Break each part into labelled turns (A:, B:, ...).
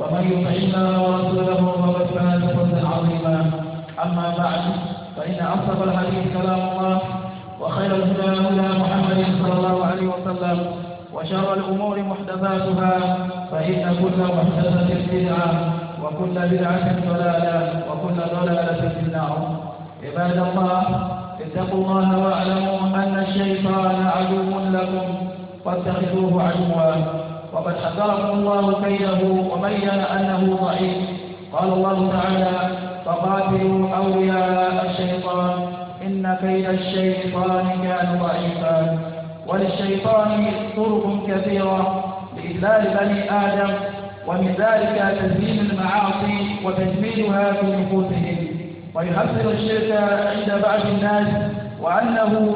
A: ومن يطع الله ورسوله فقد فاز فوزا عظيما اما بعد فان اصدق الحديث كلام الله وخير الهدى هدى محمد صلى الله عليه وسلم وشر الامور محدثاتها فان كل محدثه بدعه وكل بدعه ضلاله وكل ضلاله في النار عباد الله اتقوا الله واعلموا ان الشيطان عدو لكم فاتخذوه عدوا وقد حذرهم الله كيده وبين أنه ضعيف قال الله تعالى فقاتلوا أولياء الشيطان إن كيد الشيطان كان ضعيفا وللشيطان طرق كثيرة لإذلال بني آدم ومن ذلك تزيين المعاصي وتجميلها في نفوسهم ويحصل الشرك عند بعض الناس وأنه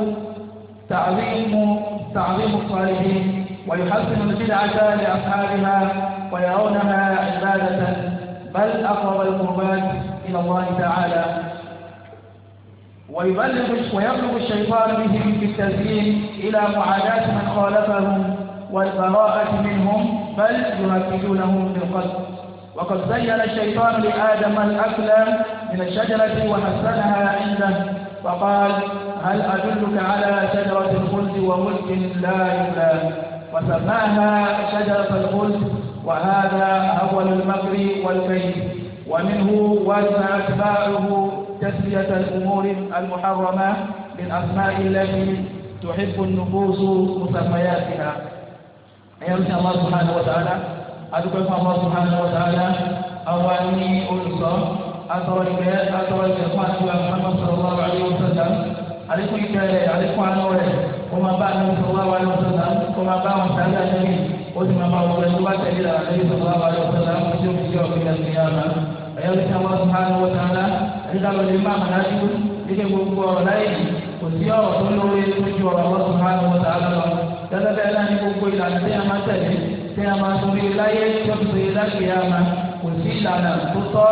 A: تعظيم تعظيم الصالحين ويحسن البدعة لأصحابها ويرونها عبادة بل أقرب القربات إلى الله تعالى ويبلغ ويبلغ الشيطان بهم في التزيين إلى معاداة من خالفهم والبراءة منهم بل يهددونهم بالقتل وقد زين الشيطان لآدم الأكل من الشجرة وحسنها عنده وقال هل أدلك على شجرة الخلد وملك لا يبلى وسماها شجرة الخلد وهذا أول المكر والكيد ومنه وزن أتباعه تسلية الأمور المحرمة بالأسماء التي تحب النفوس مسمياتها يرجى الله سبحانه وتعالى adúpẹ́ الله سبحانه وتعالى أواني ta'ala أثر ní olùsọ atọ̀rọ̀ ìgbẹ́ atọ̀rọ̀ ìgbẹ́ fún àti wà fún àwọn sọ̀rọ̀ wà lórí ó máa bá àlọ́ sọ wáwá lọ sọ náà ó máa bá àwọn sáré àtẹ́bí ó sì máa bá àwọn ọ̀rẹ́ tó bá tẹ̀lé àwọn àtẹ́bí sọ wáwá lọ sọ náà ó sì ń fi ọ̀gbìn ẹ̀sìn yàrá ẹ̀yọ́ ní sáwọn sọ̀hánù wọ́n sáńlá ẹ̀dá lọ lè má àmàládìbò nígbà gbogbo ọ̀rọ̀ láyé kò sí ọ̀rọ̀ tó lórí lójú ọ̀rọ̀ wọ́n sọ̀hánù wọ́n sáńlá lọ gẹ́gẹ́ bẹ́ẹ̀ náà gbogbo ìlànà tí a máa tẹ̀lé tí a máa sọ bíi láyé tó fi sèé lágbèé a máa kò sí ìlànà tó tọ́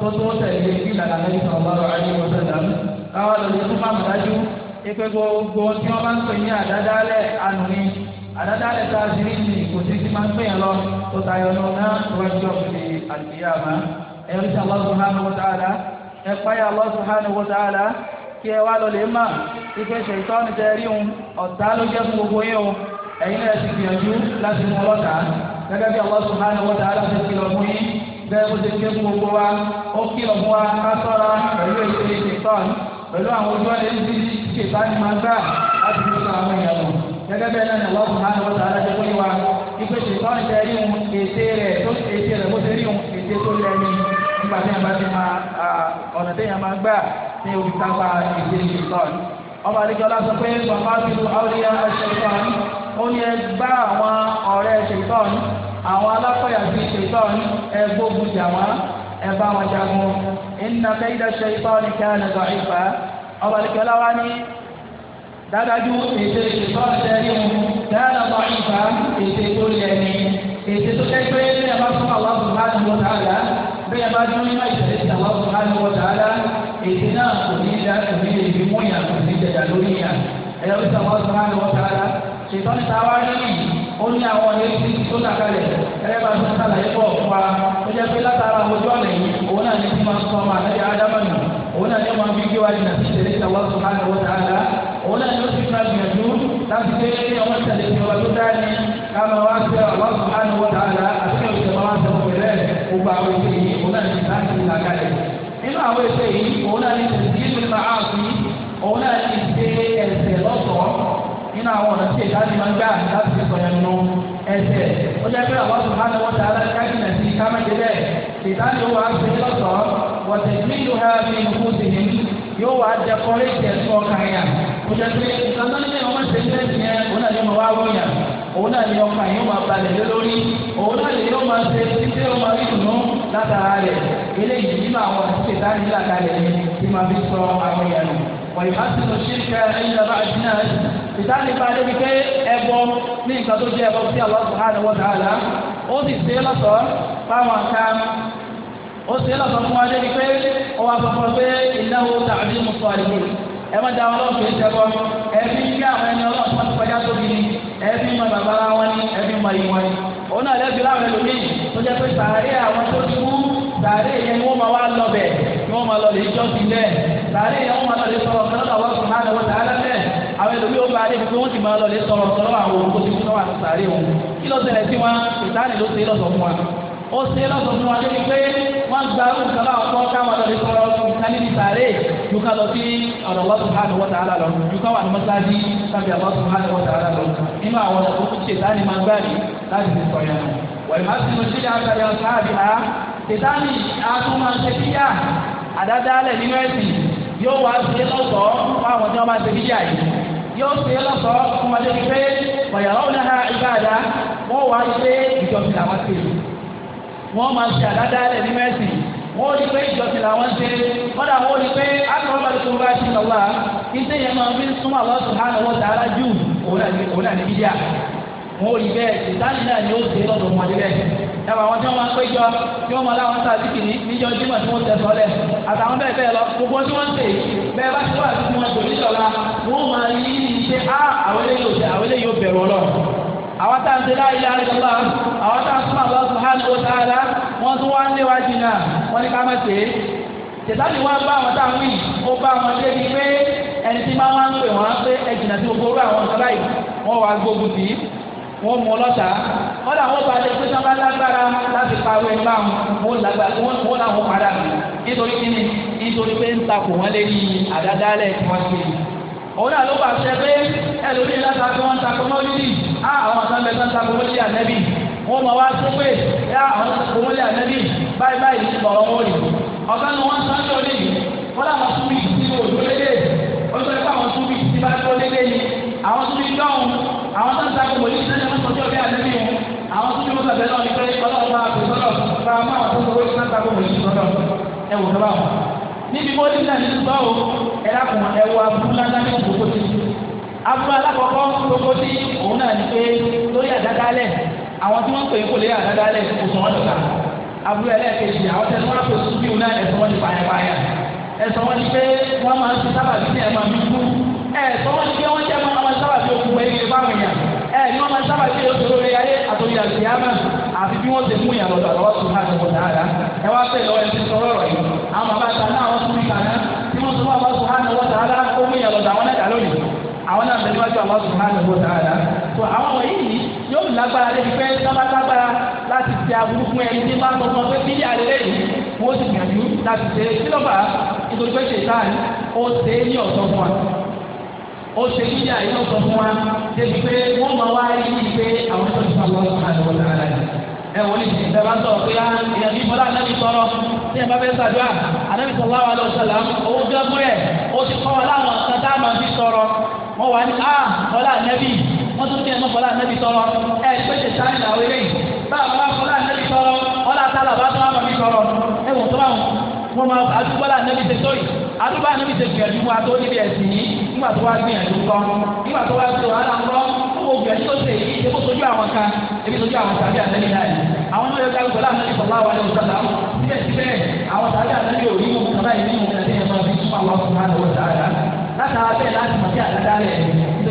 A: tó tó tẹ̀lé ìlànà lẹ́yìn sọ̀rọ̀ bá rọ̀ ayé wọ́n sọ̀rọ̀ ipe gbogbo tí wọ́n bá ń pè ní àdádálẹ̀ ànúni àdádálẹ̀ tá a ti rí ni kò sí ti máa ń pè yẹn lọ tó tayọ lọ náà rọjò fi àlùyàmá ẹ̀rọ sí Allah subhanahu wa ta'ala ẹ páyà Allah subhanahu wa ta'ala kí ẹ wá lọ lè mà ipe ṣètọ́ni tẹ rí òun ọ̀tá ló jẹ́ fún gbogbo yẹn o ẹ̀yin náà ti gbìyànjú láti mú ọlọ́ta gẹ́gẹ́ bí Allah subhanahu wa ta'ala ti kìlọ̀ fún yín bẹ́ẹ̀ bó ti ké fún gbogbo wa ó kìlọ̀ fún wa pẹ̀lú èyí pẹ̀lú àwọn ojú ọ̀lẹ́ ń bíbí tí ìbá ni máa gbà láti fi sọ àwọn èèyàn lọ. gẹ́gẹ́ bẹ́ẹ̀ náà ni Allah subhanahu wa ta'ala alájọ pé wa ipe tí ìbá ni tẹ rí òun ète rẹ̀ tó ète bó ṣe rí òun ète tó lẹ́ nígbà tí yàrá ti máa ọ̀nà tí yàrá máa gbà ní omi tápá ète ìṣèkọ́ni. ọba àdìgbò lásán pé bàbá mi lu àwòrán ẹ̀ṣẹ̀kọ́ni ó ní ẹ gbá àwọn ọ̀rẹ́ ẹ̀ṣẹ̀kọ́ni àwọn alákọ̀yà ti ṣètọ́ni ẹ gbógun jà wọ́n ẹ bá wọn jagun. inna kayda ash-shaytani kana ọba àlekẹ́lá wa ní dáadájú ètè ìfọ́sẹ̀ rímu dáadáa bá ìfà ètè tó lẹ̀ ní ètè tó tẹ́ pé bí a bá fún àwọn àbùkà ní wọ́n tààlà bí a bá dún ní àìsàn ètè àwọn àbùkà ní wọ́n tààlà ètè náà kò ní ìdá kò ní lè fi mú yàn kò ní jẹjà lórí yàn ẹ̀yọ́ bí sàwọn àbùkà ní wọ́n tààlà ṣètò ní táwa yìí ó ní àwọn ẹbí tó dàkalẹ̀ ẹ̀yẹ́ bá tún sàlàyé bọ̀ fún wa ó jẹ́ pé látara ojú ọ̀nà yìí òun náà ní òun náà ni wọn fi gbé wa ní nàbí tẹ̀lé ní àwọn sọ̀rọ̀ àwọn ọ̀tá àlá òun náà ni ó ti fún agbẹ̀dú láti gbé ní àwọn tẹ̀lé ní wọn tó dání káma wá sí àwọn sọ̀rọ̀ àwọn ọ̀tá àlá àti ní òṣèlú wọn sọ pẹ̀lẹ́ gbogbo àwọn ètò yìí òun náà ni láti là kalẹ̀ nínú àwọn ètò yìí òun náà ni tẹ̀sí ní màá fi òun ni gbé ẹsẹ̀ lọ́sọ̀ọ́ nínú àwọn ọ̀nà tí ìdáni máa ń gbà láti fi sọ̀yàn nù ẹsẹ̀ ó jẹ́ pé àwọn sọ̀rọ̀ àwọn ọ̀tá àlá káàkiri ká má jẹ́ bẹ́ẹ̀ ìdáni ó wà á fi وتجميلها في نفوسهم yóò wá dẹkọrẹ́tì ẹ̀sùn ọkàn yà kò jẹ́ pé ìsàlọ́lẹ́ yẹn wọ́n ṣe fẹ́ tiẹ̀ òun náà yóò máa wá wọ̀nyà òun náà yóò kàn yóò máa balẹ̀ lé lórí òun náà lè yóò máa ṣe títí yóò máa rí dùnú látara rẹ̀ eléyìí nínú àwọn àtúnṣe dání látàlẹ̀ ni tí máa fi sọ àwọn yẹn nù wọ̀nyí bá ti lọ sí ká ẹ̀yìn lọ́ba àti náà ìdáni bá débi pé ẹbọ ní nǹkan tó jẹ́ ẹbọ sí àwọn ọ̀sán àwọn ọ̀sán àlá ó sì ṣe é lọ́sọ̀ọ́ fáwọn kan ó sì lọ sọ fún wa débi pé ó wà sọ fún wa pé ìdáwó tàbí mùsùlùmí àdìgbò ẹ má da wọn lọ́wọ́ kìí sẹ́kọ́ ẹ fi ń gbé àwọn ẹni ọlọ́run fún akọ́jà tóbi ni ẹ fi mọ bàbá wọn ni ẹ fi mọ ìwọ ni òun náà lẹ́bi láwọn ẹlòmíì tó jẹ́ pé sàárè àwọn tó ti kú sàárè yẹn ni wọ́n máa wá lọ bẹ̀ ni wọ́n máa lọ lè jọ́ sí bẹ́ẹ̀ sàárè yẹn wọ́n máa lọ lè sọ̀rọ̀ kọ́lọ́dà wọ́n sùn náà lọ́wọ́ sàárè bẹ́ẹ̀ àwọn ẹlòmíì ó bá dé pé wọ́n ti máa lọ lè sọ̀rọ̀ sọ̀rọ̀ àwọn òun tó ti kú náà wà sàárè wọn kí ló ṣẹlẹ̀ sí wọn ìtàn ó ṣe lọ́sọ̀ fún wa débi pé wọ́n gba nǹkan náà kọ́ káwọn lọ́ọ́ sọ̀rọ̀ nǹkan níbi sàárè ju ká lọ sí ọ̀rọ̀ Allah subhanahu wa ta'ala lọ ju ká wà ní mọ́sáájì tàbí Allah subhanahu wa ta'ala lọ nínú àwọn ọ̀dọ́ tó ṣe sáà ní máa gbà ní láti fi sọ yẹn wọ̀nyí má sì mú sí àgbàdo sáàbì á ṣètánì àtúmọ̀ ṣe kíyà àdádálẹ̀ nínú ẹ̀sìn yóò wá ṣe lọ́sọ̀ọ́ fún àwọn tí wọ́n máa ṣe kíyà yìí yóò ṣe lọ́sọ̀ọ́ fún wọn débi pé ọ̀yàwó náà ibada wọ́n wá ṣe ìjọsìn àwọn ṣe wọ́n máa ṣe àdáda lẹ̀ ní mẹ́sì wọ́n rí pé ìjọsìn làwọn ṣe wọ́n dà wọ́n rí pé akọ̀rọ̀bàdì tó bá ṣe lọ́wọ́ iṣẹ́ yẹn máa fi ń súnmọ́ àwọn ọ̀sán hàn wọ́n tààrà jù òun àti bídíà wọ́n rí bẹ́ẹ̀ ìtàlí náà ni ó ṣe lọ́dọ̀ wọn níbẹ̀ yàrá àwọn tí wọ́n máa ń péjọ tí wọ́n máa láwọn sáà sí kìnnì níjọ jímọ̀ tí wọ́n tẹ̀sọ́ lẹ̀ àtàwọn bẹ́ẹ̀ bẹ́ẹ̀ lọ gbogbo tí wọ́n ń tè bẹ́ẹ̀ bá ti wà tí wọ́n tò níjọba wọ́n máa rí ah, ní ṣe á àwọn eléyìí ò bẹ̀rù ọlọ́run àwọn tá à ń ṣe láàyè láàyè lọ́wọ́ àwọn tá à ń súnmọ́ àwọn subhanahu wa ta'ala wọ́n tún wá ń lé wájú náà wọ́n ní ká má ṣe é tẹ̀sánì wọn bá àwọn tá à ń wí ó bá àwọn débi pé ẹni tí máa ń pè wọ́n pé ẹ jìnnà tí gbogbo orú àwọn ọ̀sán báyìí wọ́n wá gbógun tì í wọ́n mú ọlọ́ta wọ́n làwọn bá lè pé sábà lágbára láti parọ́ ẹ̀ máa wọ́n lágbára wọ́n làwọn padà nítorí kíni nítorí pé ń takò wọ́n lé ní àdádálẹ̀ tí wọ́n ti. òun náà ló bá ṣe pé ẹlòmíín láti akọ́ wọn takọ́ mọ́lídìí á àwọn àtàbẹ̀ tán ta gbogbo lé ànẹ́bì wọ́n máa wá tó pé yá àwọn gbogbo lé ànẹ́bì báyìí báyìí lọ̀rọ̀ wọn rí ọ̀gá ni wọ́n sáré olè yìí wọ́n làwọn súnmí ti kò tó lélẹ̀ ó sọ pé àwọn súnmí ti bá tó lélẹ̀ ni àwọn súnmí dọ́hùn àwọn tán ta gbogbo lé sẹ́yìn wọ́n sọ́jọ́ lé ànẹ́bì wọn àwọn súnmí wọn sàbẹ̀ náà ní pé ọlọ́run bá àgbẹ̀ sọ́dọ̀ níbi mo ní ìlànà ìgbà wo ẹ lákùn ẹ wọ abúlé alákọ̀ọ́kọ́ tó kó pé lórí àdádálẹ̀ àwọn tí wọ́n pè é kò lè àdádálẹ̀ kò sọ wọ́n nípa abúlé ẹlẹ́ẹ̀kejì àwọn tẹ́lẹ̀ wọ́n á pè sùbíù náà ẹ̀sọ́ wọn ti pààyàpààyà ẹ̀sọ́ wọn ti pé wọ́n máa ń fi sábà bí ní ẹ̀ma mi kú ẹ̀sọ́ wọn ti pé wọ́n jẹ́ máa ń sábà bí okùn èèyàn ẹ̀ ni wọ́n máa ń sábà bí lórí ayé àfi bí wọ́n ti mú tó tó àwọn ọmọ yìí yóò lágbára lẹ́bi pé lágbára láti ṣe aburú fún ẹni tí bá tọ́kọ pé bí yàrá rẹ̀ yìí wọ́n ti gbìyànjú láti ṣe sílọ́bà nítorí pé ṣètàn ó ṣe é ní ọ̀sán fún wa ó ṣe kí ní àyè ọ̀sán fún wa débi pé wọ́n máa wá rí i pé àwọn tó ti fa lọ́wọ́ àdúgbò náà ẹ wọ́n lè ṣe ìjọba sọ̀rọ̀ pé ah, ìyá bí bọ́lá anábì sọ̀rọ̀ ní ẹ̀fọ́ fẹ́ sàdúrà anábì sọ̀rọ̀ àwọn ọ̀sọ̀lá owó gbẹ́gbẹ́ ẹ̀ ó ti kọ́ wọn láwọn kan tá a máa fi sọ̀rọ̀ wọ́n wà ní ah bọ́lá anábì wọ́n tún kí ẹ mọ́ fọlá ànábì tọrọ ẹ pèsè sáyẹn làwọn eléyìí báwo bá fọlá ànábì tọrọ ọlá tálà bá tó àmọ̀ mi tọrọ ẹ wò tó bá wọn wọn máa àdúgbò là ànábì tẹ sóyè àdúgbò ànábì tẹ gbìyànjú fún ató níbi ẹ̀sìn yìí nígbà tó wá gbìyànjú kọ́ nígbà tó wá gbìyànjú wàhálà ńlọ owó gbìyànjú tó ṣe èyí ṣe kó sojú àwọn kan ebi sojú àwọn tàbí ànábì náà yìí àwọn ọmọ yẹn gbàgbọ́ láàmú ní sọ̀rọ̀ àwọn ẹ̀rọ sọ̀rọ̀ àwọn síbẹ̀síbẹ̀ àwọn tàbí ànábì ò rí mú kàbáyé nínú ìrìnàjò yẹn máa fi fún àwọn ọkùnrin àwọn ọ̀sán àdá látara bẹ́ẹ̀ láti mọ̀ sí àdá dálẹ̀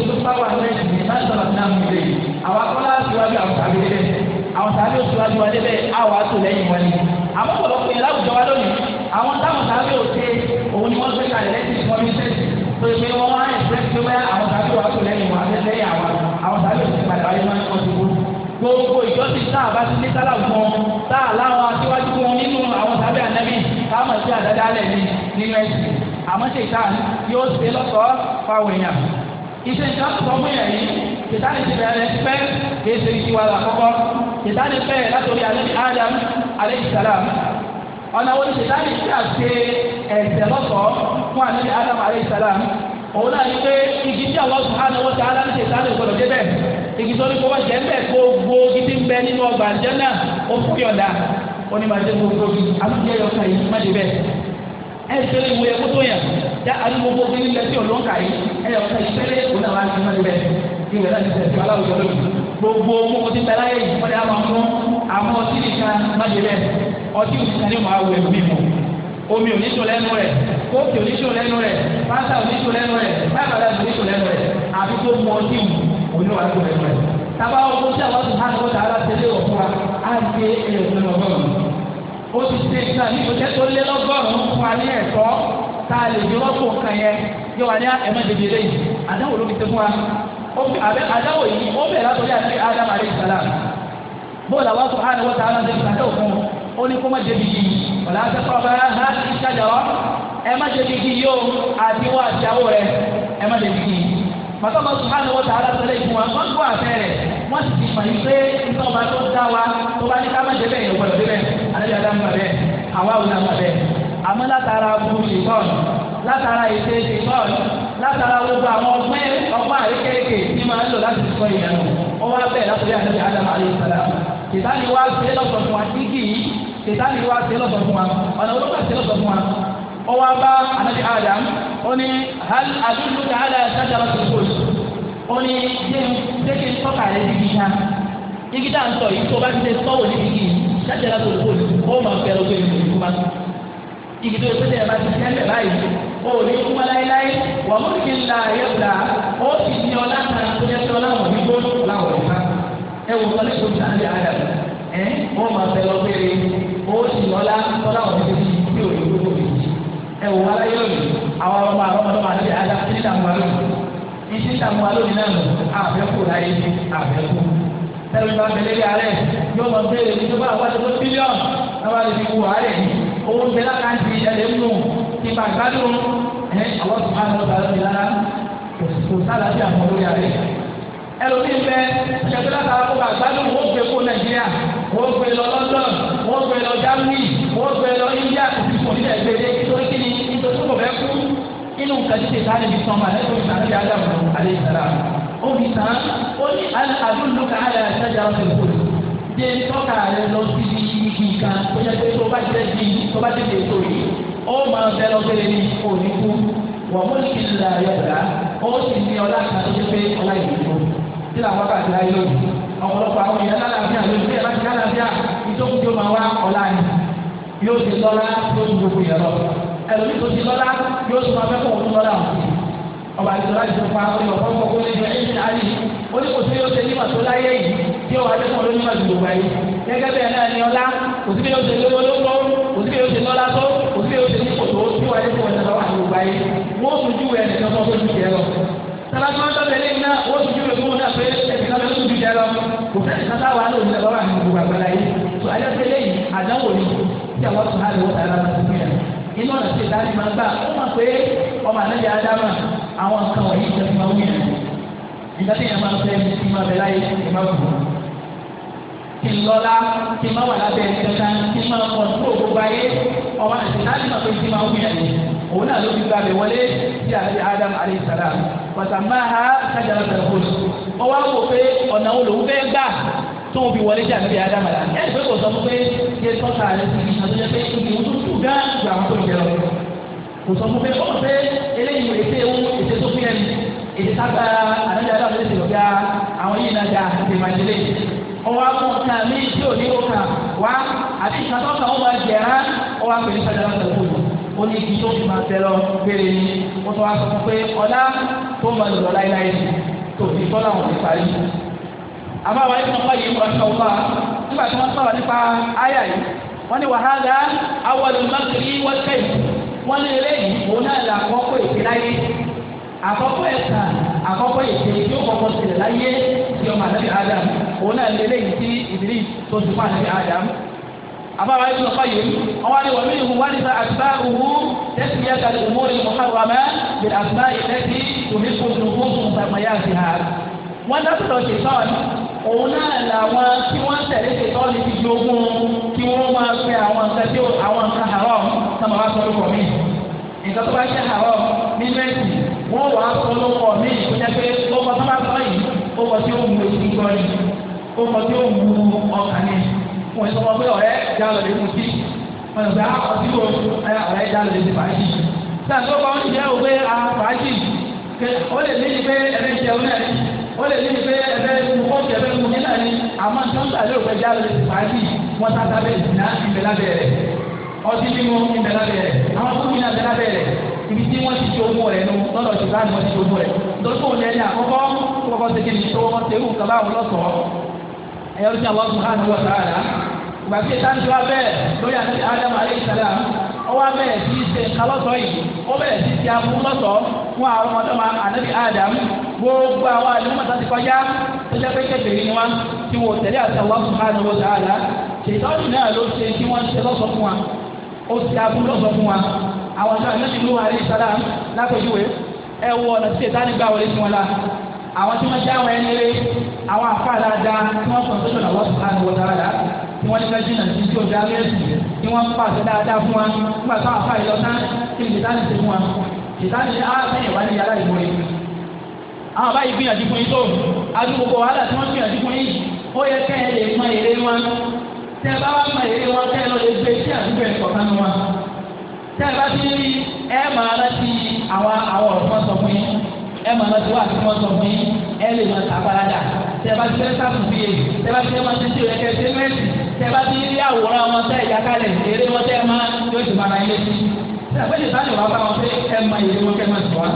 A: tó pápá náà ti ní láti sọ̀rọ̀ náà mú ilé yìí àwọn akọ́lá síwájú àwọn tàbí lẹ́bẹ̀ àwọn tàbí síwájú wa lẹ́bẹ̀ àwọn àtò lẹ́yìn wọn ni àwọn ọ̀pọ̀lọpọ̀ yẹn láwùjọ wa lónìí àwọn táwọn tàbí òde òun ni wọ́n gbé kalẹ̀ lẹ́sìn tí wọ́n fi sẹ́sì tó ṣe wọ́n wá ẹ̀sẹ̀ tó bá àwọn tàbí wà tó lẹ́yìn wọn lẹ́yìn àwọn àwọn tàbí òde padà wáyé máa ń kọ́ sí wọn gbogbo ìjọsìn tá a bá ti ní sálà fún ọ tá a láwọn aṣíwájú wọn nínú àwọn tàbí ànábì káwọn ẹ̀sìn àdáda lẹ̀ ní nínú ẹ̀sìn àmọ́ ṣèṣà yóò ṣe lọ́sọ̀ọ́ fáwọn èèyàn iṣẹ́ ìjọ sọ fún yẹn yìí ìtàní ti bẹ̀rẹ̀ pẹ́ kìí ṣe ìdíwà àkọ́kọ́ ìtàní bẹ̀rẹ̀ látòrí alẹ́bí Adam alaihi salam ọ̀nà wo ni ìtàní ti à ṣe ẹ̀sẹ̀ lọ́sọ̀ọ́ fún alẹ́bí Adam alaihi salam òun náà ní pé igi tí àwọn sùn hánà wọ́n ti ara ní ìtàní ìgbọ̀dọ̀ débẹ̀ igi tó ní kó wọ́n jẹ́ ń bẹ̀ gbogbo gidi ń bẹ nínú ọgbà àjẹ́ náà ó fún yọ̀dà ó ní máa dé gbogbo àbújá yọ̀ọ̀kan yìí má débẹ̀ ẹ sẹ́lẹ̀ ìwé ẹ̀kú tó yàn já arúgbó gbogbo ní ilẹ̀ tí ò ló ń kà yìí ẹ yọ ọ̀sẹ̀ ìfẹ́lẹ̀ òun náà wá sí ìfẹ́ bẹ́ẹ̀ kí wọ́n láti tẹ̀sí aláwùjọ lónìí gbogbo gbogbo ti bẹ̀rẹ̀ ayé yìí wọ́n dẹ́ àwọn fún àwọn ọtí nìkan májè bẹ́ẹ̀ ọtí òṣìṣẹ́ ni màá wọ ẹ̀kú mi mọ̀ omi oníṣò lẹ́nu rẹ̀ kóòtù oníṣò lẹ́nu rẹ̀ pátá oníṣò lẹ́nu rẹ̀ báyìí oníṣò lẹ́nu rẹ̀ àfi tó mọ ọtí oníwà tó lẹ́nu rẹ̀ tábà ọkọ̀ tí àwọn tó hàn kó tààrà tẹ́lẹ̀ ọ̀fọ̀ wa á gbé ẹ̀yọ̀ tó lọ́gọ́rùn-ún ó ti ṣe ìgbà ní ìgbésẹ̀ tó lé lọ́gọ́rùn-ún fún wa ní ẹ̀kọ́ tá a lè yọ ọ́pọ̀ nǹkan yẹn yọ wa ní ẹ̀mọ́ ìdèbí eléyìí àdáwò ló fi ṣe fún wa àdáwò yìí ó bẹ̀rẹ̀ látọ̀lé àti Adam alayhi salam bóòlù àwọn sọ hàn wọ́n ta ara ṣẹlẹ̀ ṣàtẹ̀ òfin ó ní kó má débi yìí ọ̀là àtẹ́kọ̀ọ́ bá ha ìṣàjà ọ́ ẹ má débi yìí yóò àti wọ́n àti àwọ̀ rẹ ẹ má débi yìí màtọ́ bá sọ hàn wọ́n ta ara ṣẹlẹ̀ ìfún wa wọ́n gbọ́ àfẹ́ rẹ̀ wọ́n sì ti anabi adamu ma bẹ́ẹ̀ àwa ò nà ma bẹ́ẹ̀ àmọ́ látara fún ṣìkọ́ọ̀nù látara ètè ṣìkọ́ọ̀nù látara gbogbo àwọn ọgbẹ́ ọgbọ́n àríkèéké tí máa ń lò láti sọ ìyànà ó wá bẹ́ẹ̀ látọ̀rí anabi adamu alayhi salam ìtàní wa ṣe lọ́sọ̀ fún wa kíkì yìí ìtàní wa ṣe lọ́sọ̀ fún wa ọ̀nà olóka ṣe lọ́sọ̀ fún wa ó wá bá anabi adam ó ní hal adúlù ta'ala ṣájára tó kó o ní jẹ́ kí n tọ́ka rẹ̀ ní kíkà igi tá à ń sọ yìí tó bá ti ṣe sọ́wọ́ ní kíkì yìí o jáde láti olùkóyè ó máa o fẹ́ràn olùkóyè ní ìkúmá ìgbìdó o yẹn bá ti tẹ́lẹ̀ báyìí o ní ìkúmá láéláé wà mú kí n la ayé gbà ó sì ní ọlá kan tó yẹ kí ọlá wọn ní gbóná láwọn ìfá ẹ wò wọlé tó ti àlẹ́ àdà ẹ ó máa fẹ́ràn olùkóyè ó sì ní ọlá tọ́lá wọn ní bí òye gbogbo ìjì ẹ wò wọlé yóò rí àwọn ọmọ àwọn ọmọ ọmọ àti àdá ní ìdààmú alóòdì náà àfẹ́kù láyé àfẹ́kù sẹ́yìn bá bẹ̀rẹ̀ yà rẹ̀ yóò lọ bẹ̀rẹ̀ ní tó bá wà tó bílíọ̀n náà lè fi wù àárẹ̀ owó ń bẹ lákàntì ẹ̀lẹ́ nù ti bá gbádùn ẹ̀ àwọn tó máa ń lọ bàrọ̀ mi lára kò sára bí àwọn olórí àárẹ̀ ẹlòmíín bẹ ṣẹ̀tọ́ látara kó bá gbádùn wọ́n gbé kó nàìjíríà wọ́n gbé lọ London wọ́n gbé lọ Germany wọ́n gbé lọ India kò sí kò nílẹ̀ gbèdé ó fi tán ó ní àdúgbò ká àlẹ́ àṣàjà ọ̀sẹ̀ kò dé tọ́ka rẹ lọ sí igi kan tó yẹ pé tó bá jẹ́ di tó bá tètè tó yìí ó máa bẹ lọ bẹ́ẹ̀ ni òní kú wọ́n mú ní kìlì la yọ̀ dá ó sì ní ọlá kan tó yẹ pé ọlá yìí tó tí làwọn bá ti láyé lónìí ọ̀pọ̀lọpọ̀ àwọn èèyàn lálàáfíà lónìí bí ẹ ti lálàáfíà ìjókòó tó máa wá ọlá ni yóò ti lọ́lá yóò ti gbogbo yẹn lọ ẹlòmíì tó ti lọ́lá yóò ti ọba àdìsọ́lá ti fa ọyọ fọ́nkọ́ kó lè jẹ ẹ̀yìn àlè ó ní kò sí yóò ṣe ní màtó láyé yìí tí ó wà ní kàn lónìí màtó gbogbo ayé gẹ́gẹ́ bẹ́ẹ̀ náà ni ọlá kò sí bí yóò ṣe lówó lówó kò sí bí yóò ṣe lọ́lá tó kò sí bí yóò ṣe ní kòtò tí wà ní kòtò lọ́wọ́ àti gbogbo ayé wọ́n tún ju ẹ̀ nìkan fọ́ fún ìjẹ́ lọ. sábàtì wọn tọ́jú ẹlẹ́yìn náà wọ́n tún ju ẹ̀ fún náà pé ẹ̀sìn náà lọ́sùn ìjẹ́ lọ kò fẹ́ẹ́ sábà wà lóun lọ́wọ́ àti gbogbo àgbàlá yìí tó ayọ́tẹ́ lẹ́yìn àdánwò ni tí àwọn sùn á lè wọ́n tààrà lọ́sùn ìjẹ́ inú ọ̀nà tí ìdáni máa ń gbà ó mọ̀ pé ọmọ àlejò adá máa àwọn nǹkan wọ̀nyí jẹ́ fún àwọn yẹn ìdájọ́ yẹn máa fẹ́ mi kí n máa bẹ láyé kí n máa bù kí n lọ́lá kí n máa wà lábẹ́ ìjọba kí n máa mọ̀ tó gbogbo ayé ọmọ àti láti máa fẹ́ kí n máa wù yẹn òun náà ló fi gba àbẹ̀ wọlé sí àbẹ̀ Adam alayhi salam pàtàmá ha kájàlá bẹ̀rẹ̀ fóònù ọwọ́ àpò pé ọ̀nà tó ń fi wọlé sí àbẹ̀ Adam alayhi ẹ̀ pé kò sọ fún pé kí ẹ tọ́ta rẹ̀ sí ìṣàtúnjẹ pé ìgbìmọ̀ tó tù gán ju àwọn tó ń jẹ lọ kò sọ fún pé ọmọ pé eléyìí ètè ewu ètè tó fi ẹni ètè sábà ànájà àdá àti ètò ìgbà àwọn yìí nàjà ètè màjèlè ọwọ́ akọ kan mi tí ò ní o kan wá àti ìkàtọ́ kan ó máa jẹ̀rá ọwọ́ akọ ní sábà láti ọkọ yìí ó ní ibi tó fi máa tẹ lọ péré ni ó tún wá sọ fún pé ọlá tó máa lò láéláé tó fi tọ́lá wọn ti parí àmọ́ àwọn ẹ̀sìn ọ̀pá yìí wọ́n ṣọ̀wọ́ bá nígbà tí wọ́n sọ̀rọ̀ nípa áyà yìí wọ́n ní wàhálà awọ́lùmọ́kìrì wọ́n tẹ̀yìn wọ́n lé eléyìí òun náà lè àkọ́kọ́ èké láyé àkọ́kọ́ ẹ̀ka àkọ́kọ́ èké tí ó kọ́kọ́ sílẹ̀ láyé tí ọmọ àdàbí Adam òun náà lé eléyìí tí ìdílé tó ti fún àdàbí Adam àbára yìí lọ́kọ́ yìí ọwọ́ ni wọ́n mú wá nípa àtúbá òwú tẹ́sí yẹ kàlẹ́ òmó rẹ̀ mọ̀hárọ̀mẹ́ bí àtúbá ìtẹ́sí tòmí kó tó kó tó mọ̀yá wọ́n dá òun náà làwọn tí wọ́n tẹ̀lé ṣètò ọ̀nà ti di ogún kí wọ́n máa pe àwọn nǹkan tí àwọn nǹkan haram sábà wá sọ lóko mi nǹkan tó bá ṣe haram nínú ẹ̀sìn wọ́n wà á sọ lóko mi kó jẹ́ pé ó kọ́ tó bá sọ yìí ó kọ́ tí ó mú etí gbọ́ yìí ó kọ́ tí ó mú ọkàn yìí wọ́n sọ pé ọ̀rẹ́ já lọ lè mú sí wọ́n sọ pé ah, ọtí wo ọ̀rẹ́ já lọ lè ti fàájì sáà tó kọ́ ń jẹ́ òwe àfàájì ah, wọ́n lè ní ife ẹ̀fẹ́ mu kọ́ọ̀tù ẹ̀fẹ́ mu nílà ni àmọ́ sọ́ńtà lè fẹ́ já lórí pàṣẹ wọn tá sábẹ́ ìdìnnà ìbẹ̀lá bẹ̀rẹ̀ ọtí mímu ìbẹ̀lá bẹ̀rẹ̀ àwọn tó kí ní abẹ́lá bẹ̀rẹ̀ ibi tí wọ́n ti ti owó rẹ̀ nu lọ́dọ̀ tí báyìí wọ́n ti ti owó rẹ̀ lọ́dọ̀ tó lẹ́ni àkọ́kọ́ tó kọ́kọ́ ṣe kéde tó wọ́n tẹ̀wù kaba àwọn lọ́sọ̀ọ́ ẹ̀yọ́ tí àwọn ọ̀sùn hàn wọ̀ sára ìgbà tí ìta ń tó abẹ́ lórí àti Adam aleyhi salam ọwọ́ abẹ́ ti ṣe nǹkan lọ́sọ̀ọ́ yìí ó bẹ̀rẹ̀ sí ti amú lọ́sọ̀ọ́ fún àwọn ọmọdé wa ànábì Adam gbogbo àwọn àlùmọ̀tà ti kọjá tó jẹ́ pé kébèrè ni wá tí wọ́n tẹ̀lé àti àwọn subhanahu wa ta'ala ṣètọ́jú náà ló ṣe kí wọ́n ṣe lọ́sọ̀ fún wa ó ti abú lọ́sọ̀ fún wa àwọn àti àwọn ẹlẹ́sìn lówó àrí sálá lápẹ̀júwe ẹ wọ ọ̀nà tí ètò àdìgbà wọlé sí wọn la àwọn tí wọ́n já wọn ẹni lé àwọn àfa dáadáa tí wọ́n sọ̀rọ̀ sọ́jọ́ àwọn subhanahu wa ta'ala tí wọ́n ní ká jìnnà sí tí ó dá lẹ́sìn tí wọ́n pàṣẹ dáadáa fún wa nígbà táwọn àfa ìlọ́tà kí ìdìtánì ti fún wa ìdìtánì ti á fẹ́yìn wá ní yàrá ìmọ̀ yìí àwọn báyìí gbìyànjú fún yín tó adúgbò wàhálà tí wọ́n gbìyànjú fún yín ó yẹ kẹ́ ẹ lè mọ èrè wọn tẹ́ ẹ bá wá mọ èrè wọn kẹ́ ẹ lọ lè gbé sí àdúgbò ẹ̀ kọ̀ọ̀kan wọn tẹ́ ẹ bá ti rí ẹ máa láti àwọn àwọn ọ̀rọ̀ fún ọ̀sọ̀ fún yín ẹ máa láti wá àti fún ọ̀sọ̀ fún yín ẹ lè máa tàbáradà tẹ́ bá ti fẹ́ sáfù bí e tẹ́ bá ti fẹ́ máa ti ti rẹ̀ kẹ́ ẹ ti mẹ́tì bá ti rí àwòrán wọn tẹ́ ẹ̀yà kalẹ̀ èrè wọn tẹ́ ẹ máa yóò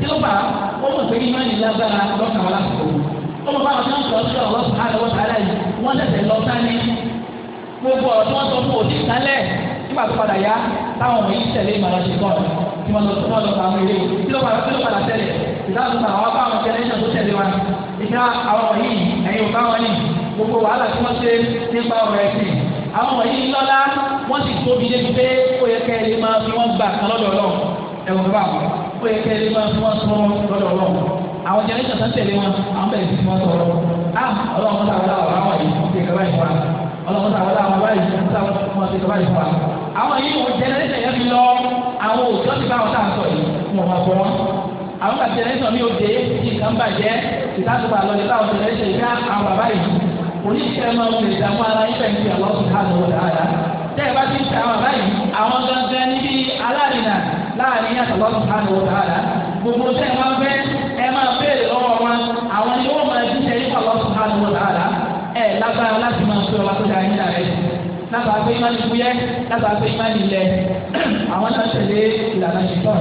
A: kí ló fà á wọ́n mọ̀ pé imáni lágbára lọ́kàn wọn lásìkò wọ́n mọ̀ báwọn tí wọ́n sọ sí ọ̀rọ̀ sàárẹ̀ wọ́n sàárẹ̀ yìí wọ́n tẹ̀sẹ̀ lọ sáré gbogbo ọ̀rọ̀ tí wọ́n sọ fún òtí sálẹ̀ nígbà tó padà yá táwọn ọmọ yìí tẹ̀lé ìmọ̀ràn ṣe kọ́ kí wọ́n lọ sí wọ́n lọ fà àwọn ilé kí ló padà kí ló padà tẹ̀lẹ̀ ìdáhùn sọ àwọn bá àwọn jẹnẹṣẹ tó tẹ̀lé wa ìdá àwọn ọmọ yìí lọ́lá wọ́n sì tóbi débi pé ó yẹ kẹ́ ẹ lè máa fi wọ́n gbà kan lọ́dọ̀ ẹ̀wọ̀n bá wọn ó yẹ kẹ́ ẹ lè máa fún wọn sọ lọ́dọ̀ wọn àwọn jẹ́ ẹ̀ṣọ́ sẹ́tẹ̀lé wọn àwọn bẹ̀rẹ̀ sí fún wọn sọ̀rọ̀ á ọlọ́run tá ah, a wọlé àwọn àwọn yìí ṣe kaba ìfọ́ ọlọ́run tá a wọlé àwọn báyìí ṣe kaba ìfọ́ àwọn yìí wọ́n jẹ́ ẹ̀ṣẹ̀ yẹn fi lọ àwọn òjò ti bá wọn tá a sọ yìí wọn máa fọ wọn àwọn bàtà ẹ̀ṣọ́ mi ò dé kí nǹkan bàjẹ́ ìtàkùn bàlọ́ ní báwọn tẹ̀lé ẹ̀ṣẹ̀ yìí ká àwọn bàbá yìí oníṣẹ́ máa ń lè dàmú ara yín pẹ̀lú àwọn ọ̀sùn káàdùn ọ̀dà ara tẹ́ ẹ láàrin yàtọ̀ lọ́sùn àti wọ́n tààlà gbogbo tẹ́ ẹ máa fẹ́ ẹ máa béèrè lọ́wọ́ wọn àwọn ni wọ́n máa jíṣẹ́ nípa lọ́sùn àti wọ́n tààlà ẹ lágbára láti máa fi ọba tó dáa nílà rẹ lábàá pé má ní fúyẹ́ lábàá pé má ní lẹ àwọn náà tẹ̀lé ìlànà ṣètọ́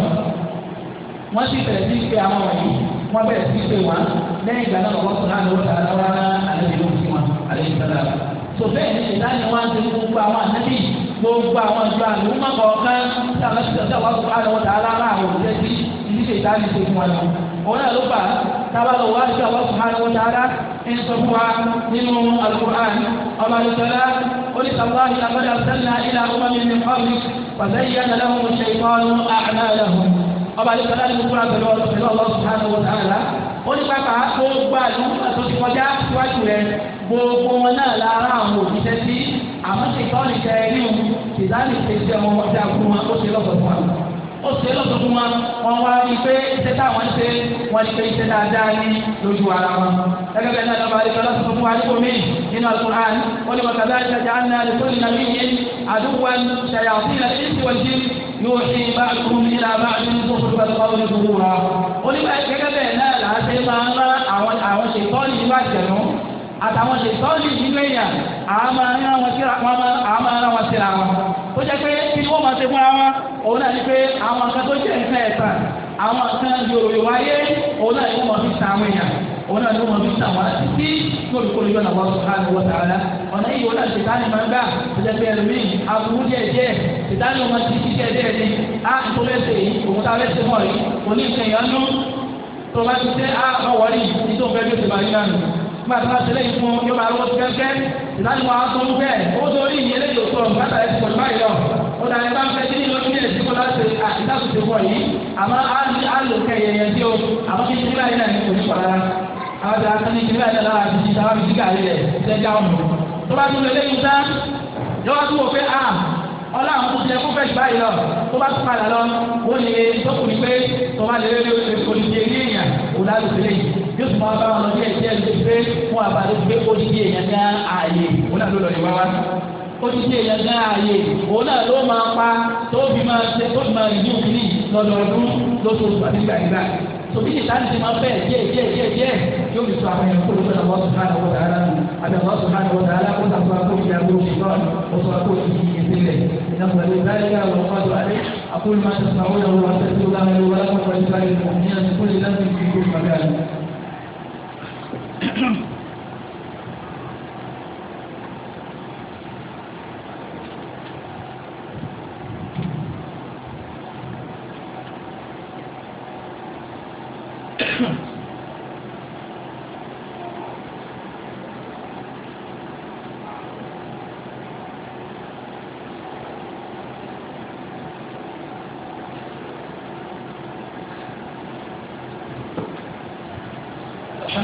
A: wọ́n sì bẹ̀rẹ̀ sí pé àwọn wọ̀nyí wọ́n bẹ̀rẹ̀ sí pé wọ́n lẹ́yìn ìgbà náà lọ́wọ́ sọ̀rọ̀ àlọ́ tààlà wọn àlejò ló fi wọn àlejò tààlà. sọ̀fẹ́ ní ìdáni wọn ti gbogbo àwọn ànábì gbogbo àwọn ìjọ àlùmọ́ máa kọ̀ ọ̀kan tí àwọn ti sọ̀tẹ̀ wá fún àwọn ọ̀tá alára àwọn òṣìṣẹ́ sí ìdíje ìdájí ṣe fún wa lọ. òun náà ló fà á tábà lọ wá sí àwọn ọ̀tá àwọn ọ̀tá ará ń sọ fún wa nínú alukur'an ọba àlùsọ̀lá oníṣàlùwáhì àbọ̀dà sẹ́lá ilà ọmọ mi ní ọ̀rì pàṣẹ yíyá nàlẹ́ wọn ṣe ìkọlù àmàlẹ́hùn ọba àlùsọ̀lá ní kúkúrà pẹ̀lú ọlọ́ onípàpà gbogbo àlùmọ́ àtòsíkọjá síwájú rẹ gbogbo wọn náà lára àwọn òṣìṣẹ́ sí àmọ́ ṣètọ́ nìkan ẹni o ìdáni ṣe jẹ́ ọmọ wọn dá fún wa ó ṣe lọ́sọ̀ fún wa ó ṣe lọ́sọ̀ fún wa wọn wá rí i pé iṣẹ́ táwọn ṣe wọn ní pé iṣẹ́ dáadáa ní lójú ara wọn. gẹ́gẹ́ bẹ́ẹ̀ náà lọ́ba àdìgbò lọ́sọ̀ fún wa nípò mí nínú Al-Qur'an ó ní bàtà bẹ́ẹ̀ ṣàjà án náà lẹ́kọ́ nínú àmì yẹn àdúgbò ṣàyà òfin àti ìṣèwọ̀jì yóò ṣe bá a kún ní ìlà bá a ní kó fún bàtà wọn lójú wa. ó ní bá gẹ́gẹ́ bẹ́ẹ̀ náà làá ṣe máa ń rán àwọn ṣètọ́ àtàwọn ṣètọ́ọ̀lì nínú èèyàn àmà ara wọn síra wọn tó jẹ́ pé kí ni wọ́n máa ṣe fúnra wọn òun náà ni pé àwọn kan tó jẹ́ ìfẹ́ ẹ̀sán àwọn kan yòrò wáyé òun náà ni wọ́n máa fi ta àwọn èèyàn òun náà ni wọ́n máa fi ta àwọn àti tí lórúkọ yóò náà wọ́n sọ ká lọ́wọ́ ọ̀nà yìí òun náà ṣètánì máa ń gbà tó jẹ́ pé ẹlòmíì aburú díẹ̀ díẹ̀ ṣètánì wọn ti ti díẹ̀ díẹ̀ ni á ìfowópẹ́sẹ̀ yìí òun tá a fẹ́ ṣe mọ́ yìí òun ní ìkẹyìn ọdún tó bá ti tẹ́ á ọwọ́ rí ní tó fẹ́ bí ó ti máa rí náà nù nígbà tí wọ́n ṣe lẹ́yìn fún yóò máa lọ́wọ́ kẹ́kẹ́ ìdájọ́ wọn aṣọ ń bẹ́ẹ̀ ó tó rí ìyẹn lẹ́yìn òkú ọ̀run látàrí ti pọ̀jù báyìí lọ ó dà ní báńkẹ́ tí nínú ilé ẹ̀sìn kó láti ìdásùnṣe wọ̀ yìí àmọ́ àlò kẹyẹ yẹn tí o àmọ́ kí nígbà yìí náà ní kò ní pọ̀ rárá àwọn ìdá kan ní nígbà yìí náà láti ti sábà fi síkà rí rẹ̀ ṣẹ́jà ọlá àwọn kùtì ẹkún fẹsí báyìí lọ tó bá tún padà lọ ó lè tó kù ní pé tó bá lè lé olùdíje ní èèyàn òun á lò yìí yóò tún máa bá wọn lọ bí ẹ̀jẹ̀ ń gbé fún àbálẹ̀ gbé odidi èèyàn ní ààyè òun náà ló lọ ìwá wá odidi èèyàn ní ààyè òun náà ló máa pa tóbi máa ṣe tóbi máa rìn ní lọ́dọọdún lóṣooṣù àti gbàgbà tòbí ìta ti máa bẹ̀ díẹ̀ díẹ̀ díẹ̀ díẹ̀ yóò fi sọ àwọn ẹ̀yàn kó ló wọ́n dára nù àbí àwọn sùhánà wọ́n dára kó sàkó àkó ìyá kó fi lọ́ọ̀ ó sọ àkó ìdí ìdílé الحمد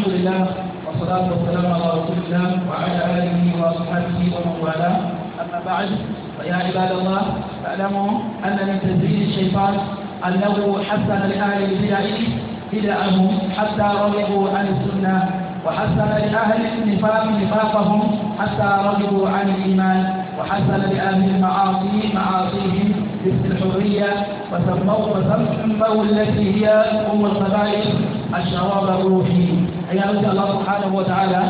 A: لله والصلاة والسلام على رسول الله وعلى آله وأصحابه ومن والاه أما بعد فيا عباد الله اعلموا أن من تزيين الشيطان أنه حسن لأهل البدع بدعهم حتى رغبوا عن السنة وحسن لأهل النفاق نفاقهم حتى رغبوا عن الإيمان وحسن لأهل المعاصي معاصيهم باسم الحرية فسموه فسموه التي هي أم القبائل الشراب الروحي أي أرجى الله سبحانه وتعالى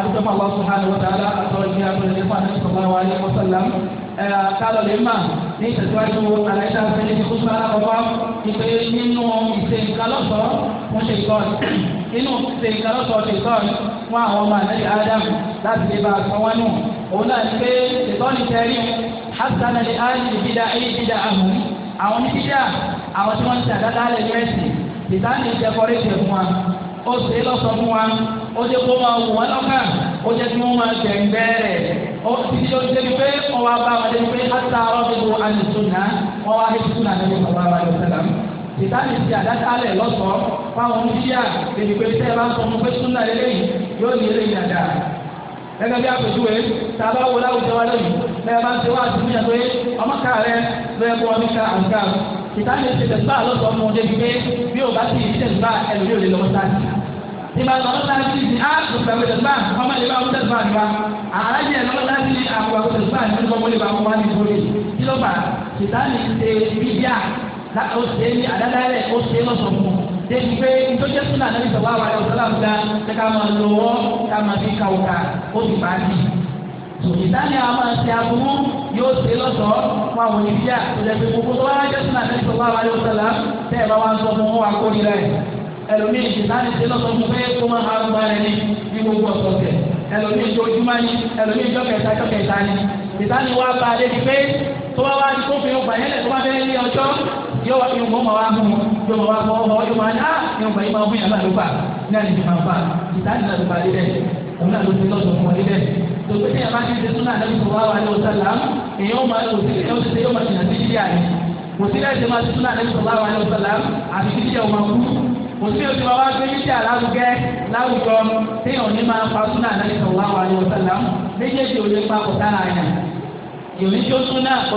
A: أرجم الله سبحانه وتعالى أتوجه من صلى الله عليه وسلم قال لما ní ìtẹ̀síwájú àlàyé àfẹ́lẹ́ ní kóso alákọ̀ọ́kọ́ ìpè nínú ìṣe ìkálọ́sọ̀ fún ṣèkọ́ọ̀nì nínú ìṣe ìkálọ́sọ̀ ṣèkọ́ọ̀nì fún àwọn ọmọ àlẹ́ Ádámù láti lè bá a sanwó-nù òun náà ti pé ṣèkọ́ọ̀nì tẹ́rí hasana lè áyì ìbídà ẹ̀yìn ìbídà ahùn àwọn oníbídà àwọn tí wọ́n ti àdáda alẹ́ ní ẹ̀sìn ìdáni ìdẹkọrẹ́tì fún wa ó sì lọ́sọ̀ fún wa ó jẹ́ kó máa wù wọ́n lọ́kà ó jẹ́ kí wọ́n máa gbẹ̀ngbẹ́ rẹ̀ ó ti di ojú débi pé wọ́n wá bá wọn débi pé hasa rọ́bìbù alìsúnà wọ́n wá débi súnà débi bàbá wa lọ sẹ́lá ìdáni ti àdáda alẹ́ lọ́sọ̀ fáwọn oníbídà débi pé tẹ́ ẹ bá sọ fún pé súnà lélẹ́yìn yóò ní eléyìí àdáa gẹ́gẹ́ bí àpèjúwe tá a bá wọlé àwùjọ wa lẹ́yìn lẹ́yìn bá ń ṣe wá àtúnyẹ̀ pé ọmọ ká rẹ lọ́yẹ̀ bọ́ ọmọ ká àǹkà ìtàlẹ̀ ṣe tẹ̀síbà lọ́sọ̀ ọmọ ọdẹ gbé bí o bá ti ṣe tẹ̀síbà ẹ̀rù yóò lè lọ́wọ́ sáàtì. ìgbà tó ọlọ́ta ti di á lùpẹ̀ wọ tẹ̀síbà ọmọ ìlú àwọn tẹ̀síbà ni wa àlàyé ẹ̀lọ́ta ti àwọn àwọn tẹ̀síbà ni wọ́n mọ́lẹ̀ bá wọn wá ní ìgboro yìí kí ló bá ìtàlẹ̀ ṣe bíbíà ó ṣe ní àdádálẹ̀ ó ṣe lọ́sọ̀ fún un débi pé ìtọ́jú súnà náà sọ̀rọ̀ àwọn àyọ̀ sọ́lá ń ga ṣe ká máa lọ wọ́ ká máa fi ka òkà ó sì máa di. ìdáni àwọn máa ṣe aburú yóò ṣe lọ́sọ̀ọ́ fún àwọn oníbíyà ìrẹsì gbogbo tó wá jẹ́ súnà náà sọ̀rọ̀ àwọn àyọ̀ sọ́lá tẹ́ ẹ̀ bá wá ń sọ fún wa kó nira ẹ̀. ẹlòmíì ìdáni ṣe lọ́sọ̀ọ́ fún pé kó máa ha gbọ́ ẹni ní gbogbo ọ̀sọ̀ọ̀sẹ̀ ẹlòmíì tó ojúmọ́ ni ẹlòmíì jọ kẹta jọ kẹta ni ìdáni wá ba adé ti pé tó wá wá ní yóò wá yóò mọ̀ wá mú yóò mọ̀ wá mọ̀ ọmọ yóò máa ná yóò mọ̀ ìmọ̀ ọmọ yàrá ló fà ní àlejò máa fà ìtàn náà ló fà lílẹ̀ òun náà ló ti lọ́sọ̀ fún ọ lílẹ̀ tòkè ní àbá ti ṣe tún náà lẹ́yìn tó wá wà ní ọ̀sá làm èèyàn máa lò sí èèyàn ti ṣe yóò máa ṣìnà sí ìdí àná kò sí láti máa tún náà lẹ́yìn tó wá wà ní ọ̀sá làm àti kí ìdí ọmọ kú kò sí oṣù wa gbé ní ìdí láwùjọ téèyàn ní máa pa tún lẹ́yìn tó wá wà ní ọ̀sá làm méjèèjì ò lè pa kò sára àyàn ìrìnsó náà kò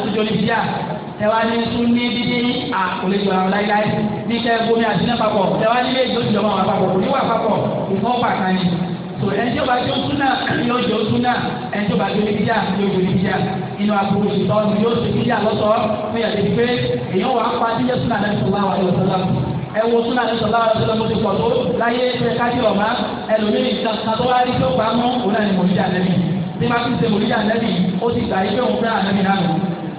A: tẹwa ní tún ní dídí àkòlejò àwọn láíláí ní kẹ gómi àti náà papọ̀ tẹwa ní ilé ìjọsìn ọmọ àwọn papọ̀ kò ní wà papọ̀ ìfọwọ́pà kan ni tò ẹjọ́ bá jó súnà yóò jó súnà ẹjọ́ bá jó níbíjà yóò jó níbíjà inú àbúrò ṣùgbọ́n ọdún yóò ṣe níbíjà lọ́sọ̀ọ́ fún yàtọ̀ ìdí pé èèyàn wà á pa jíjẹ́ súnà náà sọ̀rọ̀ àwọn àyọ̀ sọ̀rọ̀ ẹ wo súnà náà sọ̀rọ̀ àwọn àyọ̀ sọ̀rọ̀ pọ̀ tó láyé ẹ kájí ọ̀ma ẹlòmíì kan tó wá rí tó pa mọ́ òun náà ni mòlíjà nẹ́bì bí má fi ṣe mòlíjà nẹ́bì ó ti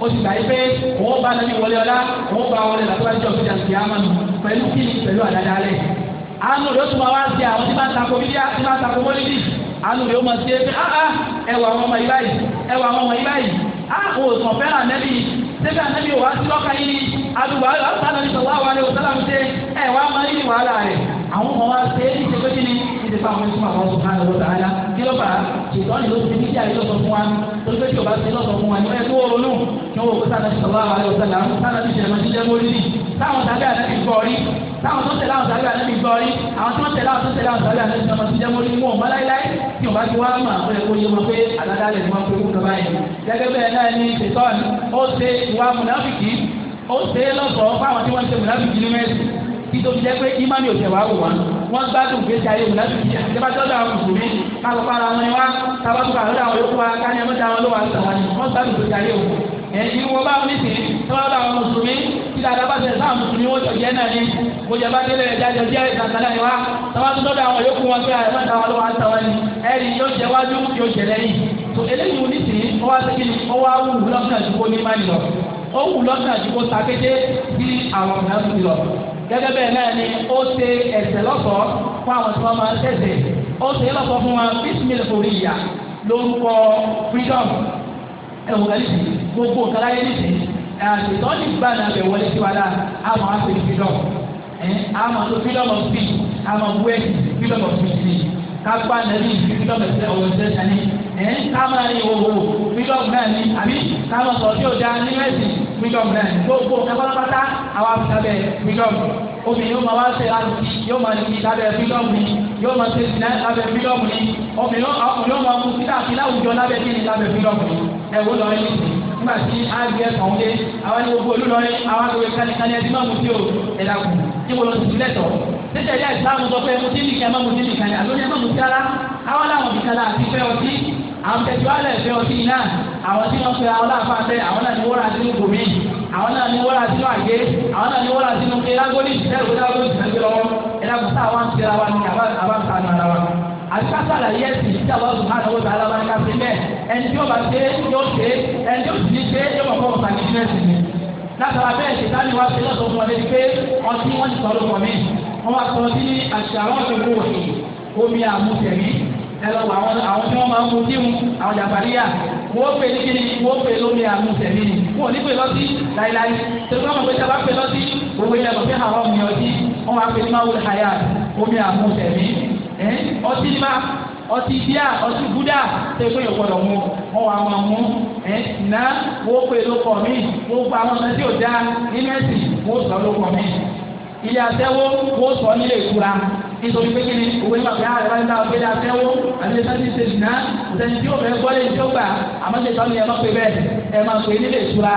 A: ó sì gbà yí pé òun bá nàbí wọlé ọlá òun bá wọlé làtúbàjọ fìdí àti àmàlù pẹ̀lú kí ni pẹ̀lú àdáda alẹ́ àánú rẹ̀ ó tún máa wá sí àwọn tí máa ń takò bíbí àti máa ń takò mọ́lídì àánú rẹ̀ ó máa ṣe é pé áá ẹwà àwọn ọmọ yìí báyìí ẹwà àwọn ọmọ yìí báyìí á kò sàn fẹ́ràn nẹ́bí sẹ́fẹ́ ànẹ́bí wàá sí lọ́ka yìí àdùgbò àlùfáà nàbí sọ̀rọ̀ àwọn àlẹ́ òṣèlú àmì ṣe ẹ̀wà máa ń yí wàhálà rẹ̀ àwọn ọmọ wa ṣe é ní ìṣègbè ti fa àwọn ẹ̀sùn àwọn ọ̀sùn hàn lọ́wọ́ sàálà kí ló fà á ṣètọ́ni ló ti níjà yìí lọ́sọ̀ fún wa torí pé tí o bá ti lọ́sọ̀ fún wa ni wọ́n yẹ kó o ronú kí wọ́n kó sànà sọ̀rọ̀ àwọn ayọ̀ sàlà sànà ti jẹ̀rẹ̀ mọ́tí jẹ́mú orí táwọn sábẹ́ àná ti gbọ́ rí táwọn tó tẹ̀lé àwọn sábẹ́ àná ti gbọ́ rí àwọn tó tẹ̀lé àwọn tó tẹ̀lé àwọn sábẹ́ àná ti jẹ̀rẹ̀ mọ́tí jẹ́mú orí mú ọ̀mọ́ láíláí tí o bá ti wá mà ó yẹ kó yé wọn pé àdáda lè mọ pé kó kaba yẹn gẹ́gẹ́ bẹ́ẹ̀ náà ni ṣètọ́ni ó ṣe ìwà mùnàfìkì ó ṣe lọ́sọ̀ọ́ fáwọn tí wọ́n ṣe mùnàfìkì nínú ẹ̀sìn bí tóbi jẹ́ pé ìmánì òṣèlú wà wù wá wọ́n gbádùn gbèsè ayé òun láti fi àjẹbá tọ́jú àwọn mùsùlùmí káàkó para wọn ni wá kábàtúkà lọ́dọ̀ àwọn yòókù wa káni ẹ̀mọ́ta wọn ló wà ń sàwọn wọ́n gbádùn gbèsè ayé òun ẹ̀yin wọ́n bá wọn nísìnyí tọ́wọ́ bá wọn mùsùlùmí tí dáadáa bá tẹ̀ sáà mùsùlùmí wọ́n jọ jẹ́ náà ni mo jẹ bá délé ẹ̀já jọ jẹ́ ìtàkàlà ni wá tọ́wọ́ tó tọ́jú àwọn yòókù wọn pé àyẹ̀mọ́ta wọn ló wà ń sàwọn ni ẹ̀yin yóò jẹ wájú yóò jẹ lẹ́yìn tó eléyìí wọn nísìnyí wọ́n wá sẹ́kìlì wọ́n wá wù lọ́kàn àdúgbò ní má ó wù lọ́sàn àdúgbò takété bí àwọn ọ̀nà ti lọ gẹ́gẹ́ bẹ́ẹ̀ náà ni ó ṣe ẹ̀sẹ̀ lọ́sọ̀ọ́ fún àwọn tí wọ́n máa ń tẹ̀sẹ̀ ó ṣe lọ́sọ̀ọ́ fún wọn bísímìlì orí ìyá lórúkọ freedom ẹ̀wọ̀n kàlí sí gbogbo kàláyé ní sí àṣetọ́ ní gbà náà bẹ̀ wọlé sí wa náà a máa ń pè ní freedom a máa ń lo freedom of speech a máa ń wẹ́ freedom of speech kápá nàbí fídọ́mù ẹ̀sẹ̀ ọ̀wọ̀ ẹ̀sẹ̀ sani ẹ̀ kámá ní owó fídọ́mù náà ní àbí kámá sọ̀rọ̀ tí o da ní mẹ́sì fídọ́mù náà ní gbogbo kápátápátá àwọn afisábẹ́ fídọ́mù obìnrin yóò máa wá ṣe àti yóò máa ní lábẹ́ fídọ́mù ni yóò máa ṣe ìsìn lábẹ́ fídọ́mù ni obìnrin yóò máa mú títà àti láwùjọ lábẹ́ kíni lábẹ́ fídọ́mù ni ẹ̀wọ́ lọ rí nígbà tí àgbẹ̀ kàn dé àwọn ẹni gbogbo olúlọrin àwọn àgbẹ̀ kánikánni ẹni máa mú sí o ẹ̀dá kù níbo lọ sí sílẹ̀ tọ̀ tẹ́tẹ̀ yá ìsìlámù sọ pé mo ti nìkan ẹ má mo ti nìkan ẹ àlóyè má mo ti ara àwọn làwọn nìkan la àti fẹ́ ọtí àwọn tẹ̀síwá lẹ̀ fẹ́ ọtí náà àwọn tí wọ́n fẹ́ àwọn láàfáà fẹ́ àwọn náà ni wọ́n ra sínú gòmí àwọn náà ni wọ́n ra sínú àgé àwọn náà ni wọ́n ra sínú elágólì ìṣẹ́gun elágólì ìṣẹ́gun lọ́wọ́ ẹlẹ́gùn tá àwọn ti ra wa ni àwọn ta ni ara wa àti kásálà yẹ ti ti àwọn ọdún hàn owó tààlà wọn ká sí mẹ ẹni tí yóò bá ṣe yóò ṣe ẹni tí yóò sì ní ṣe yóò mọ̀ fọ́ ọ̀sán ní bísíǹsì ni látara bẹ́ẹ̀ ṣètàlì wa ṣe lọ́sọ̀ọ́ fún ọ wọ́n wá sọ sí àṣàrọ̀ ọ̀ṣọ́gbó òní omi àmútẹ̀mí ẹlọ àwọn àwọn tí wọ́n máa ń mu díhun àwọn jàbáríyà wọ́n pè ní kíni wọ́n pè lómi àmútẹ̀mí ni wọ́n ò ní pè lọ́sí láíláí tẹ̀sán mọ̀ pé sábà pè lọ́sí òwe yẹn lọ pé àwọn ọmọ yẹn ọtí wọ́n máa pè ní máa wúlò àyà omi àmútẹ̀mí ọtí má ọtí bíà ọtí búdà tẹ̀sán yóò gbọdọ̀ mu wọ́n wà máa mu ná wọ́n pè lókọ̀ mi wọ́n gba àwọn ọmọ ilé atẹ́wó wọ́n sọ nílé ìtura nítorí pé kíni òwe máa fi àárẹ̀ wáyé náà gbélé atẹ́wó àti ẹ̀sán ti ṣe dùnà ìṣẹ́ni tí yóò fẹ́ gbọ́lé tí ó gbà àmọ́ ṣe sọ́ni ẹ̀ máa pè bẹ́ẹ̀ ẹ̀ máa pè nílé ìtura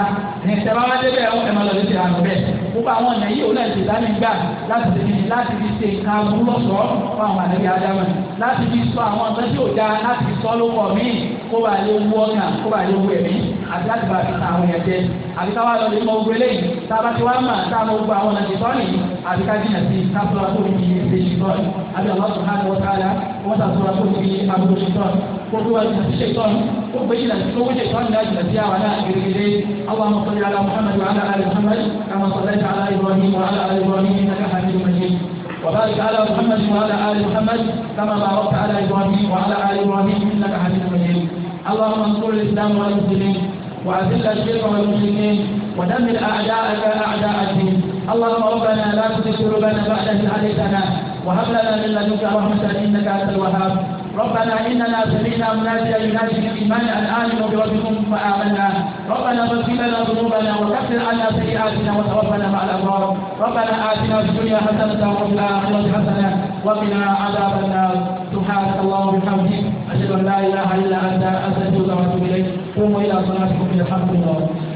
A: ẹ̀ tẹ̀ bá wá débẹ̀ ẹ̀ máa lọ sí ìlànà bẹ́ẹ̀ gbogbo àwọn ọ̀nà yìí òun náà ti dání gbà láti fi láti fi ṣe nǹkan aburú lọ́sọ̀ọ́ fún àwọn àdébí ádámà láti fi sọ àwọn ọ̀nà tí ò da láti fi sọ lóko mí kó bá lè wú ọ̀nà kó bá lè wú ẹ̀mí àti láti bá fi àwọn èèyàn jẹ àbí káwá lọ lè mọ ogun eléyìí tá ti wá mà tá mọ gbogbo àwọn ọ̀nà tìtọ́ nìyí àbí ká jìnà sí káfíńtà tó ń fi ṣe ṣìtọ́ àbí Allah subhanahu wa ta'ala wọ́n sàtúnra tó ń fi àbúrò ṣìtọ́ gbogbo wa jìnà sí ṣètọ́ gbogbo jìnà sí gbogbo ṣètọ́ nìyà jìnà sí àwọn náà gẹ́gẹ́ اللهم صل على محمد وعلى وبارك على إبراهيم وعلى آل إبراهيم إنك حميد مجيد وبارك على محمد وعلى آل محمد كما باركت على إبراهيم وعلى آل إبراهيم إنك حميد مجيد اللهم انصر الإسلام والمسلمين وأذل الشرك والمشركين ودمر أعداءك أعداء الدين اللهم ربنا لا تزغ قلوبنا بعد إذ هديتنا وهب لنا من لدنك رحمة إنك أنت الوهاب ربنا إننا سمعنا مناديا ينادي بالإيمان أن آمنوا بربكم فآمنا ربنا فاغفر لنا ذنوبنا وكفر عنا سيئاتنا وتوفنا مع الأبرار ربنا آتنا في الدنيا حسنة وفي الآخرة حسنة وقنا عذاب النار سبحانك اللهم وبحمدك أشهد أن لا إله إلا أنت أستغفرك وأتوب إليك قوموا إلى صلاتكم الحمد الله